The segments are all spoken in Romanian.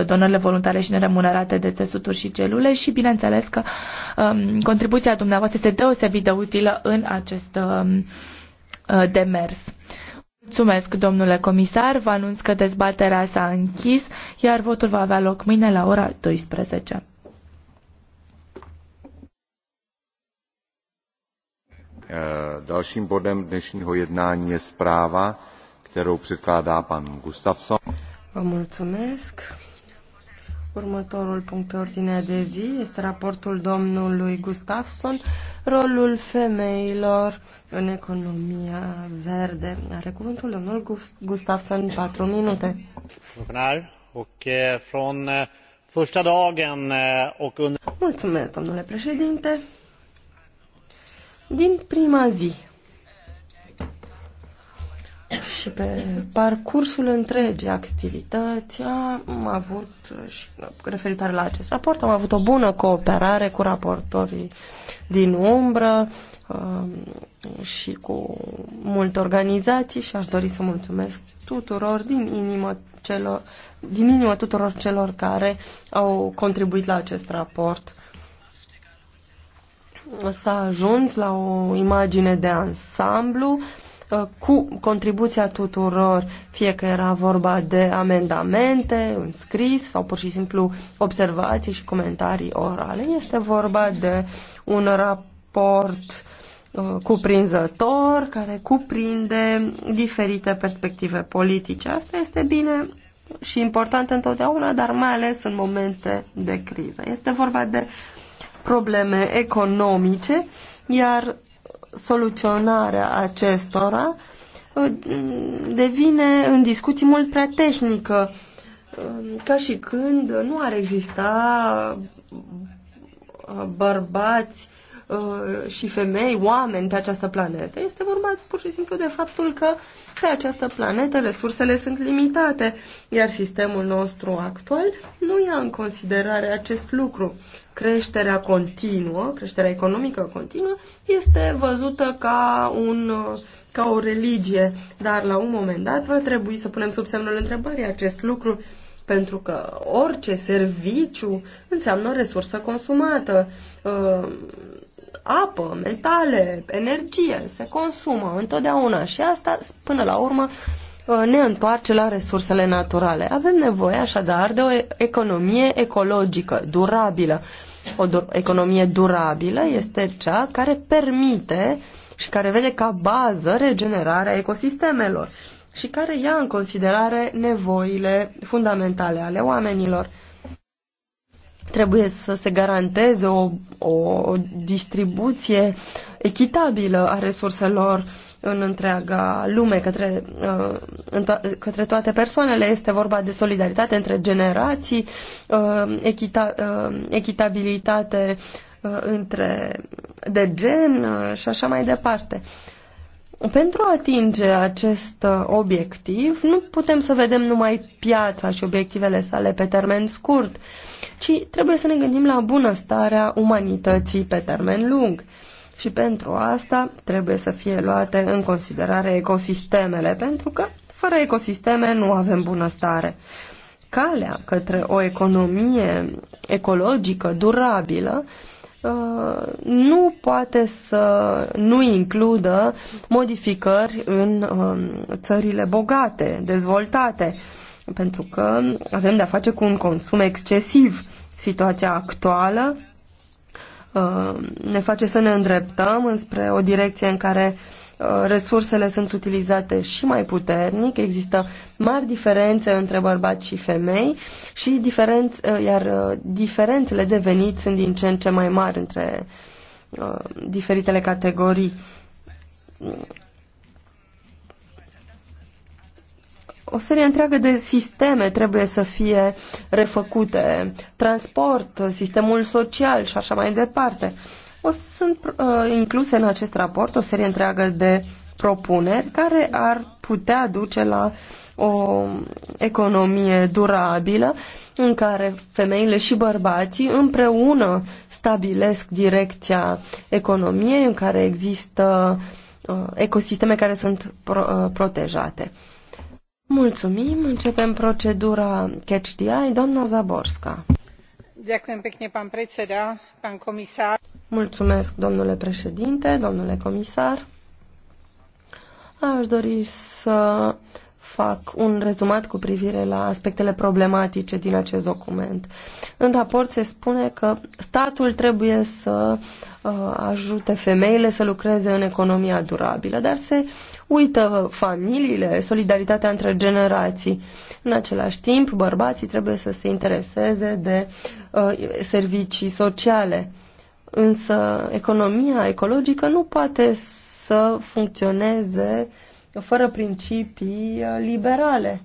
Uh, donările voluntare și neremunerate de țesuturi și celule și bineînțeles că um, contribuția dumneavoastră este deosebit de utilă în acest um, uh, demers. Mulțumesc, domnule comisar. Vă anunț că dezbaterea s-a închis, iar votul va avea loc mâine la ora 12. Eh, dalším bodem dnešního jednání je zpráva, kterou předkládá pan Gustafsson. Vă mulțumesc. Următorul punct pe ordinea de zi este raportul domnului Gustafsson, rolul femeilor în economia verde. Are cuvântul domnul Gustafsson, 4 minute. Eh, eh, eh, Mulțumesc, domnule președinte. Din prima zi și pe parcursul întregii activități am avut, și referitoare la acest raport, am avut o bună cooperare cu raportorii din umbră um, și cu multe organizații și aș dori să mulțumesc tuturor din inimă celor, din inimă tuturor celor care au contribuit la acest raport. S-a ajuns la o imagine de ansamblu Uh, cu contribuția tuturor, fie că era vorba de amendamente în scris sau pur și simplu observații și comentarii orale. Este vorba de un raport uh, cuprinzător care cuprinde diferite perspective politice. Asta este bine și important întotdeauna, dar mai ales în momente de criză. Este vorba de probleme economice, iar soluționarea acestora uh, devine în discuții mult prea tehnică, uh, ca și când nu ar exista uh, bărbați și femei, oameni pe această planetă. Este dat pur și simplu de faptul că pe această planetă resursele sunt limitate, iar sistemul nostru actual nu ia în considerare acest lucru. Creșterea continuă, creșterea economică continuă, este văzută ca, un, ca o religie, dar la un moment dat va trebui să punem sub semnul întrebării acest lucru, pentru că orice serviciu înseamnă o resursă consumată. Uh, apă, metale, energie, se consumă întotdeauna și asta, până la urmă, uh, ne întoarce la resursele naturale. Avem nevoie așadar de o economie ecologică, durabilă. O du- economie durabilă este cea care permite și care vede ca bază regenerarea ecosistemelor și care ia în considerare nevoile fundamentale ale oamenilor. Trebuie să se garanteze o, o distribuție echitabilă a resurselor în întreaga lume, către, uh, către toate persoanele. Este vorba de solidaritate între generații, uh, echita, uh, echitabilitate între, de gen și așa mai departe. Pentru a atinge acest obiectiv, nu putem să vedem numai piața și obiectivele sale pe termen scurt ci trebuie să ne gândim la bunăstarea umanității pe termen lung. Și pentru asta trebuie să fie luate în considerare ecosistemele, pentru că fără ecosisteme nu avem bunăstare. Calea către o economie ecologică, durabilă, uh, nu poate să nu includă modificări în um, țările bogate, dezvoltate pentru că avem de-a face cu un consum excesiv. Situația actuală uh, ne face să ne îndreptăm înspre o direcție în care uh, resursele sunt utilizate și mai puternic, există mari diferențe între bărbați și femei și diferenț, uh, iar diferențele de venit sunt din ce în ce mai mari între diferitele categorii. o serie întreagă de sisteme trebuie să fie refăcute, transport, sistemul social și așa mai departe. O sunt uh, incluse în acest raport o serie întreagă de propuneri care ar putea duce la o economie durabilă în care femeile și bărbații împreună stabilesc direcția economiei în care există uh, ecosisteme care sunt pro, uh, protejate. Mulțumim. Începem procedura Catch the Eye. Doamna Zaborska. Mulțumesc, domnule președinte, domnule comisar. Aș dori să fac un rezumat cu privire la aspectele problematice din acest document. În raport se spune că statul trebuie să uh, ajute femeile să lucreze în economia durabilă, dar se uită familiile, solidaritatea între generații. În același timp, bărbații trebuie să se intereseze de uh, servicii sociale. Însă economia ecologică nu poate să funcționeze uh, fără principii uh, liberale.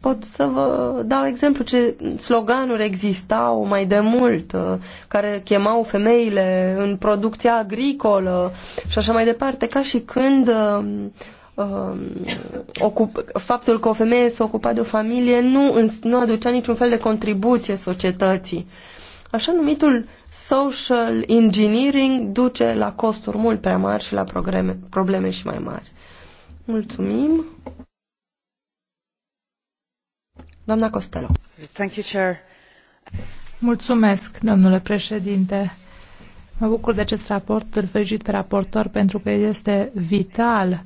Pot să vă dau exemplu ce sloganuri existau mai de mult, uh, care chemau femeile în producția agricolă și așa mai departe, ca și când um, um, ocup, faptul că o femeie se ocupa de o familie nu, nu aducea niciun fel de contribuție societății. Uh, Așa numitul social engineering duce la costuri mult prea mari și la probleme, probleme și mai mari. Mulțumim. Doamna Costello. Thank you, Chair. Mulțumesc, domnule președinte. Mă bucur de acest raport, îl felicit pe raportor pentru că este vital uh,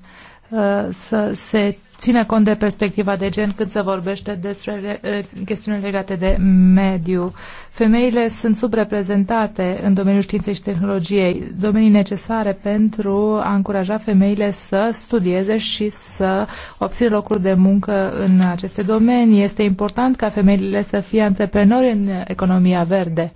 să se țină cont de perspectiva de gen când se vorbește despre eh, chestiuni legate de mediu. Femeile sunt subreprezentate în domeniul științei și tehnologiei, domenii necesare pentru a încuraja femeile să studieze și să obțină locuri de muncă în aceste domenii. Este important ca femeile să fie antreprenori în economia verde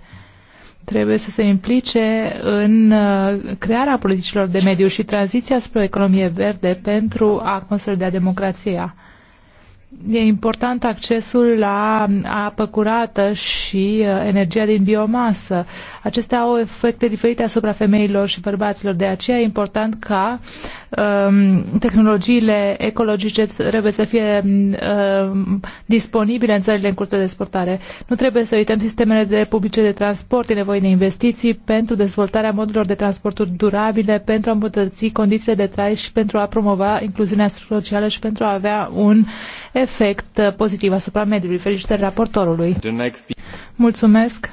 trebuie să se implice în uh, crearea politicilor de mediu și tranziția spre o economie verde pentru a consolida democrația. E important accesul la apă curată și uh, energia din biomasă. Acestea au efecte diferite asupra femeilor și bărbaților, de aceea e important ca Um, tehnologiile ecologice trebuie să fie um, disponibile în țările în curs de dezvoltare. Nu trebuie să uităm sistemele de publice de transport, e nevoie de investiții pentru dezvoltarea modurilor de transporturi durabile, pentru a îmbunătăți condițiile de trai și pentru a promova incluziunea socială și pentru a avea un efect uh, pozitiv asupra mediului. Felicitări raportorului. Mulțumesc.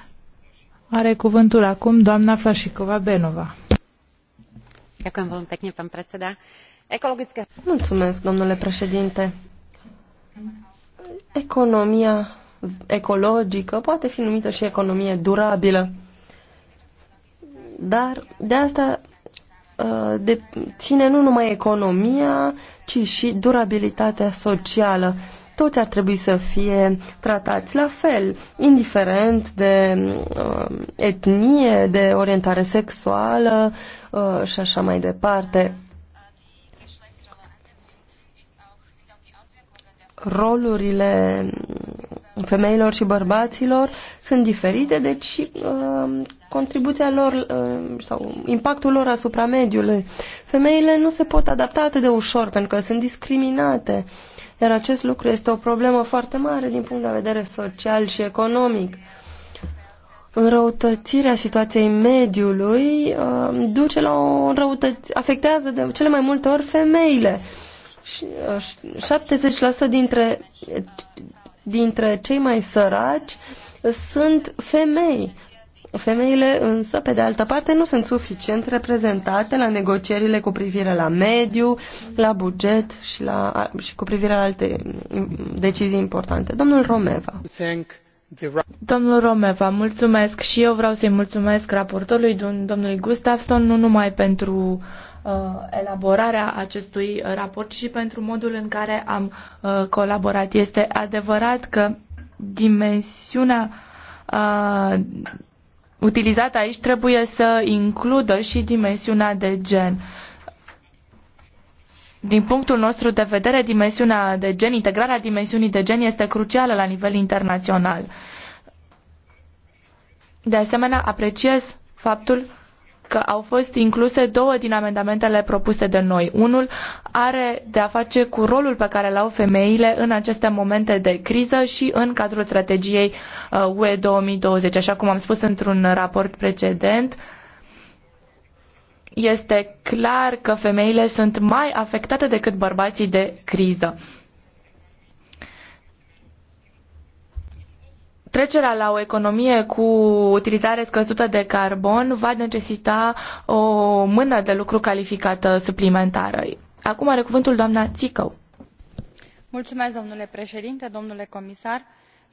Are cuvântul acum doamna Flașicova Benova. Economia ecologică poate fi numită și economie durabilă, dar de asta ă, de, ține nu numai economia, ci și durabilitatea socială toți ar trebui să fie tratați la fel, indiferent de uh, etnie, de orientare sexuală uh, și așa mai departe. Rolurile femeilor și bărbaților sunt diferite, deci uh, contribuția lor uh, sau impactul lor asupra mediului. Femeile nu se pot adapta atât de ușor pentru că sunt discriminate. Uh, iar acest lucru este o problemă foarte mare din punct de vedere social și economic. Înrăutățirea situației mediului uh, duce la o înrăutăți, afectează de cele mai multe ori femeile. Și, uh, 70% dintre, dintre cei mai săraci sunt femei. Femeile însă, pe de altă parte, nu sunt suficient reprezentate la negocierile cu privire la mediu, la buget și, la, și cu privire la alte mm, decizii importante. Domnul Romeva. Domnul Romeva, mulțumesc și eu vreau să-i mulțumesc raportorului domnului Gustafson, nu numai pentru uh, elaborarea acestui raport și pentru modul în care am uh, colaborat. Este adevărat că dimensiunea uh, utilizat aici trebuie să includă și dimensiunea de gen. Din punctul nostru de vedere, dimensiunea de gen, integrarea dimensiunii de gen este crucială la nivel internațional. De asemenea, apreciez faptul că au fost incluse două din amendamentele propuse de noi. Unul are de a face cu rolul pe care l-au femeile în aceste momente de criză și în cadrul strategiei uh, UE 2020. Așa cum am spus într-un raport precedent, este clar că femeile sunt mai afectate decât bărbații de criză. Trecerea la o economie cu utilizare scăzută de carbon va necesita o mână de lucru calificată suplimentară. Acum are cuvântul doamna Țicău. Mulțumesc, domnule președinte, domnule comisar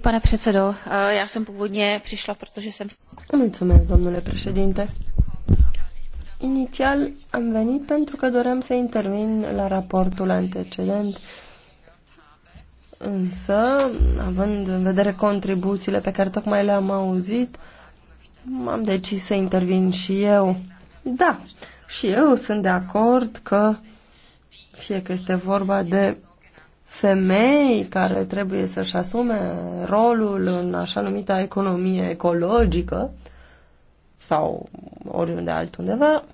Pane předsedo, eh, já jsem původně přišla, protože jsem... domnule președinte. Inițial am venit pentru că doream să intervin la raportul antecedent, însă, având în vedere contribuțiile pe care tocmai le-am auzit, am decis să intervin și eu. Da, și eu sunt de acord că, fie că este vorba de femei care trebuie să-și asume rolul în așa numita economie ecologică sau oriunde altundeva,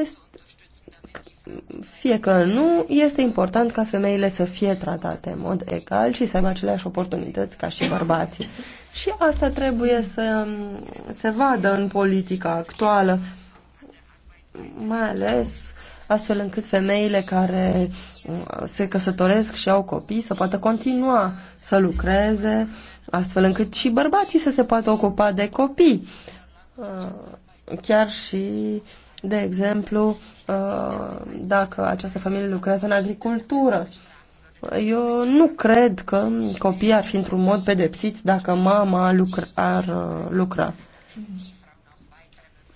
este, fie că nu, este important ca femeile să fie tratate în mod egal și să aibă aceleași oportunități ca și bărbații. Și asta trebuie să se vadă în politica actuală, mai ales uh, astfel încât femeile care uh, se căsătoresc și au copii să poată continua să lucreze, astfel încât și bărbații să se poată ocupa de copii. Uh, chiar și, de exemplu, uh, dacă această familie lucrează în agricultură. Eu nu cred că copiii ar fi într-un mod pedepsiți dacă mama lucr- ar lucra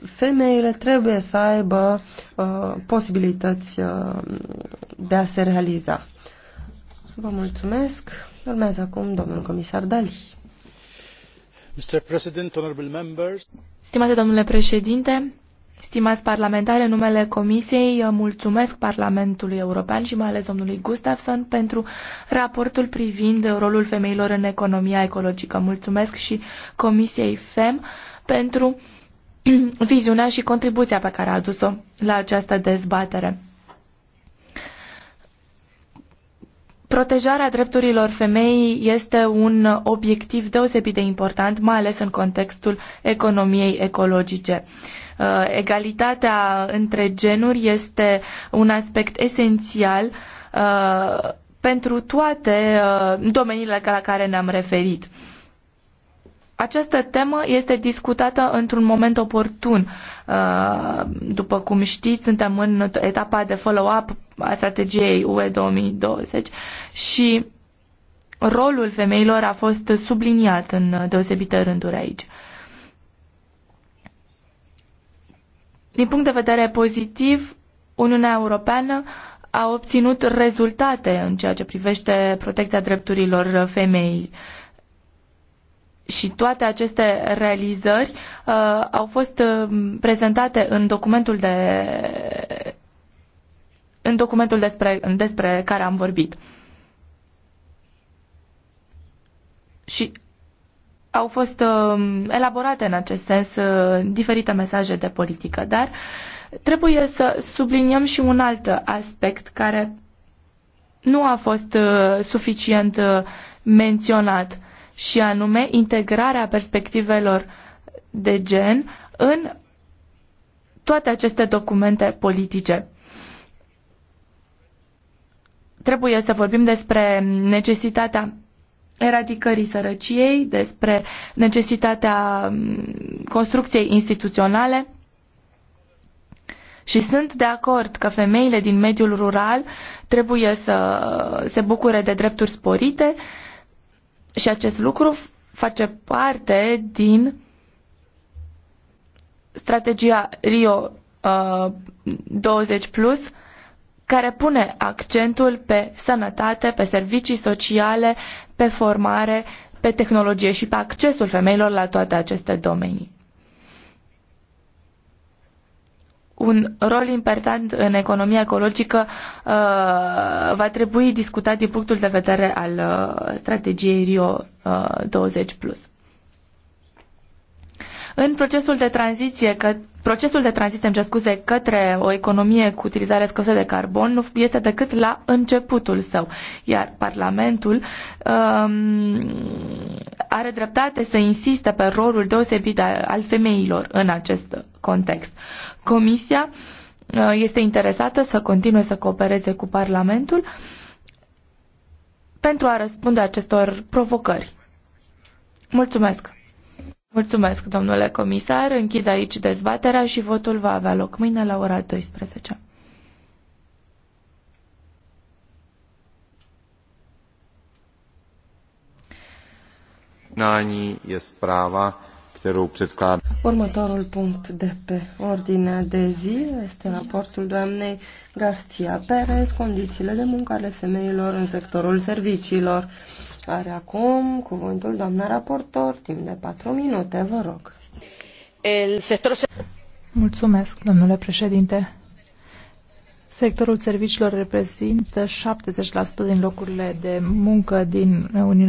femeile trebuie să aibă uh, posibilități uh, de a se realiza. Vă mulțumesc. Urmează acum domnul comisar Dali. Mr. President, honorable members. Stimate domnule președinte, stimați parlamentare, în numele Comisiei mulțumesc Parlamentului European și mai ales domnului Gustafson pentru raportul privind rolul femeilor în economia ecologică. Mulțumesc și Comisiei FEM pentru uh, viziunea și contribuția pe care a adus-o la această dezbatere. Protejarea drepturilor femeii este un obiectiv deosebit de important, mai ales în contextul economiei ecologice. Uh, egalitatea între genuri este un aspect esențial uh, pentru toate uh, domeniile la care ne-am referit această temă este discutată într-un moment oportun. Uh, după cum știți, suntem în etapa de follow-up a strategiei UE 2020 și rolul femeilor a fost subliniat în deosebite rânduri aici. Din punct de vedere pozitiv, Uniunea Europeană a obținut rezultate în ceea ce privește protecția drepturilor femeilor și toate aceste realizări uh, au fost uh, prezentate în documentul de în documentul despre, despre care am vorbit. Și au fost uh, elaborate în acest sens uh, diferite mesaje de politică, dar trebuie să subliniem și un alt aspect care nu a fost uh, suficient uh, menționat. Uh, și anume integrarea perspectivelor de gen în toate aceste documente politice. Trebuie să vorbim despre necesitatea eradicării sărăciei, despre necesitatea mm, construcției instituționale. Și sunt de acord că femeile din mediul rural trebuie să se bucure de drepturi sporite, și acest lucru face parte din strategia Rio uh, 20 plus care pune accentul pe sănătate, pe servicii sociale, pe formare, pe tehnologie și pe accesul femeilor la toate aceste domenii. un rol important în economia ecologică uh, va trebui discutat din punctul de vedere al uh, strategiei Rio 20+. Uh, în procesul de tranziție procesul de tranziție, îmi scuze, către o economie cu utilizare scosă de carbon nu este decât la începutul său. Iar Parlamentul um, are dreptate să insiste pe rolul deosebit al femeilor în acest context. Comisia uh, este interesată să continue să coopereze cu Parlamentul pentru a răspunde acestor provocări. Mulțumesc! Mulțumesc, domnule comisar. Închid aici dezbaterea și votul va avea loc mâine la ora 12. Următorul punct de pe ordinea de zi este raportul doamnei Garcia Perez, condițiile de muncă ale femeilor în sectorul serviciilor. Are acum cuvântul doamna raportor, timp de patru minute, vă rog. El sector... Mulțumesc, domnule președinte. Sectorul serviciilor reprezintă 70% din locurile de muncă din Uniunea